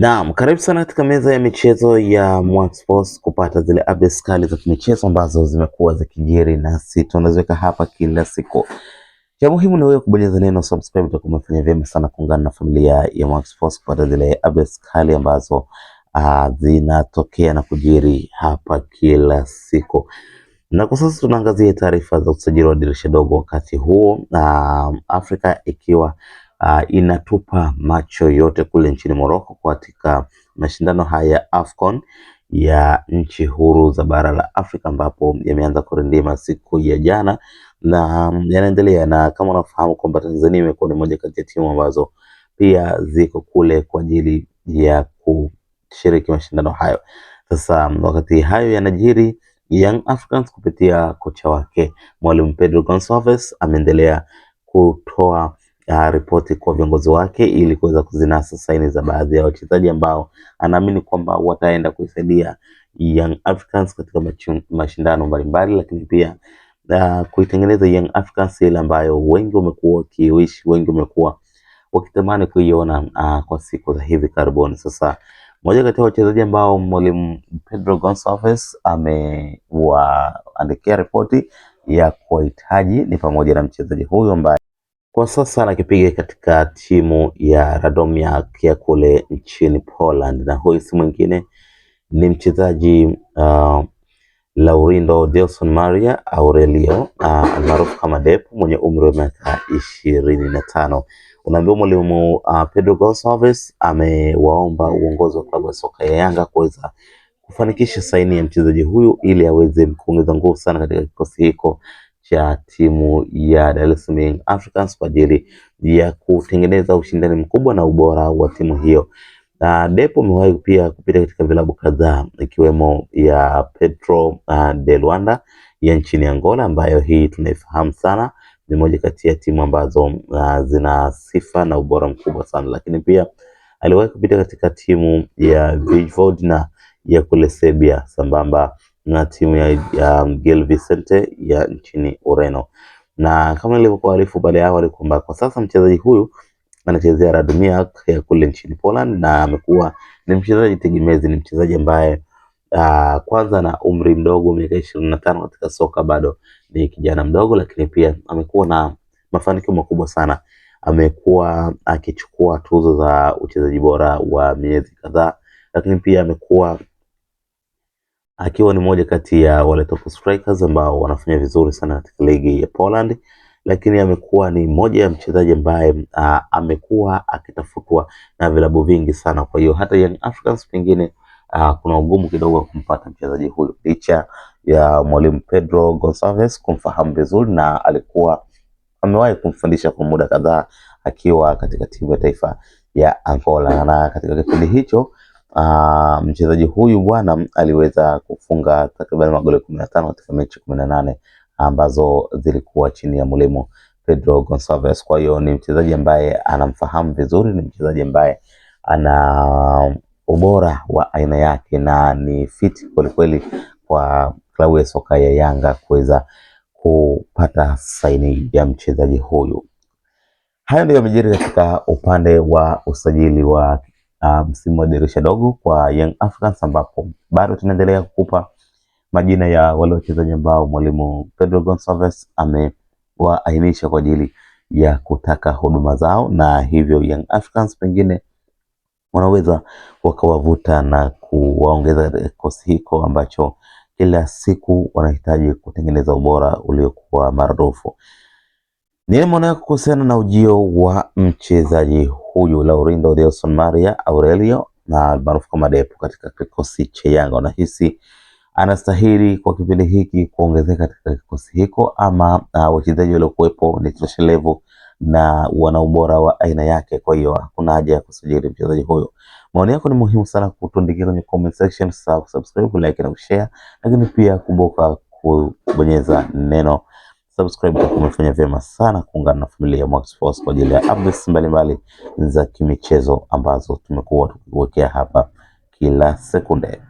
Naam, karibu sana katika meza ya michezo ya Mwax Sports kupata zile updates kali za michezo ambazo zimekuwa zikijiri nasi tunaziweka hapa kila siku. Cha muhimu ni wewe kubonyeza neno subscribe, utakuwa umefanya vyema sana kuungana na familia ya Mwax Sports kupata zile updates kali ambazo uh, zinatokea na kujiri hapa kila siku. Na kwa sasa tunaangazia taarifa za usajili wa dirisha dogo, wakati huo uh, Afrika ikiwa uh, inatupa macho yote kule nchini Morocco katika mashindano haya ya Afcon ya nchi huru za bara la Afrika ambapo yameanza kurindima siku ya jana na mm, yanaendelea, na kama unafahamu kwamba Tanzania imekuwa ni moja kati ya timu ambazo pia ziko kule kwa ajili ya kushiriki mashindano hayo. Sasa mm, wakati hayo yanajiri, Young Africans kupitia kocha wake Mwalimu Pedro Goncalves ameendelea kutoa uh, ripoti kwa viongozi wake ili kuweza kuzinasa saini za baadhi ya wachezaji ambao anaamini kwamba wataenda kuisaidia Young Africans katika mashindano mbalimbali, lakini pia uh, kuitengeneza Young Africans ile ambayo wengi wamekuwa wakiwishi, wengi wamekuwa wakitamani kuiona uh, kwa siku za hivi karibuni. Sasa moja kati ya wachezaji ambao mwalimu Pedro Gonçalves amewaandikia ripoti ya kuwahitaji ni pamoja na mchezaji huyu ambaye kwa sasa anakipiga katika timu ya Radomiak ya kule nchini Poland, na huyu si mwingine ni mchezaji uh, Laurindo Delson Maria Aurelio uh, almaarufu uh, kama Depu mwenye umri wa miaka ishirini na tano. Unaambiwa mwalimu uh, Pedro Goncalves amewaomba uongozi wa klabu ya soka ya Yanga kuweza kufanikisha saini ya mchezaji huyu ili aweze kuongeza nguvu sana katika kikosi hiko cha timu ya Dar es Salaam Africans kwa ajili ya kutengeneza ushindani mkubwa na ubora wa timu hiyo. Na Depo amewahi pia kupita katika vilabu kadhaa ikiwemo ya Petro uh, de Luanda ya nchini Angola ambayo hii tunaifahamu sana, ni moja kati ya timu ambazo uh, zina sifa na ubora mkubwa sana, lakini pia aliwahi kupita katika timu ya Vojvodina ya kule Serbia sambamba na timu ya, ya Gil Vicente ya nchini Ureno. Na kama nilivyokuarifu baada ya awali kwamba kwa sasa mchezaji huyu anachezea Radomiak ya kule nchini Poland na amekuwa ni mchezaji tegemezi, ni mchezaji ambaye uh, kwanza na umri mdogo miaka ishirini na tano katika soka bado ni kijana mdogo, lakini pia amekuwa na mafanikio makubwa sana. Amekuwa akichukua tuzo za uchezaji bora wa miezi kadhaa, lakini pia amekuwa akiwa ni moja kati ya wale top strikers ambao wanafanya vizuri sana katika ligi ya Poland, lakini amekuwa ni moja ya mchezaji ambaye amekuwa akitafutwa na vilabu vingi sana. Kwa hiyo hata Young Africans pengine kuna ugumu kidogo wa kumpata mchezaji huyu licha ya mwalimu Pedro Gonçalves kumfahamu vizuri na alikuwa amewahi kumfundisha kwa muda kadhaa akiwa katika timu ya taifa ya Angola, na katika kipindi hicho Ah, mchezaji huyu bwana aliweza kufunga takriban magoli kumi katika mechi kumi na nane ambazo zilikuwa chini ya mwalimu Pedro Goncalves. Kwa hiyo ni mchezaji ambaye anamfahamu vizuri, ni mchezaji ambaye ana ubora wa aina yake na ni fit kwelikweli kwa klabu ya soka ya Yanga kuweza kupata saini ya mchezaji huyu. Hayo ndio yamejiri katika upande wa usajili wa uh, msimu wa dirisha dogo kwa Young Africans ambapo bado tunaendelea kukupa majina ya wale wachezaji ambao mwalimu Pedro Goncalves amewaainisha kwa ajili ya kutaka huduma zao, na hivyo Young Africans pengine wanaweza wakawavuta na kuwaongeza kikosi hiko ambacho kila siku wanahitaji kutengeneza ubora uliokuwa maradufu. Nini maoni yako kuhusiana na ujio wa mchezaji huyu Laurindo Delson Maria Aurelio na almaarufu kama Depo katika kikosi cha Yanga, unahisi anastahili kwa kipindi hiki kuongezeka katika kikosi hiko, ama uh, wachezaji waliokuwepo ni toshelevu na wana ubora wa aina yake? Kwa hiyo hakuna haja ya kusajili mchezaji huyo. Maoni yako ni muhimu sana kutuandikia kwenye comment section, subscribe, like na kushare, lakini pia kumbuka kubonyeza neno subscribe kwa umefanya vyema sana kuungana na familia ya Mwaki Sports kwa ajili ya updates mbalimbali za kimichezo ambazo tumekuwa tukiwekea hapa kila sekunde.